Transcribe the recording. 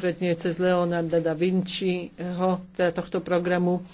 konkrétne cez Leonarda da Vinciho, teda tohto programu.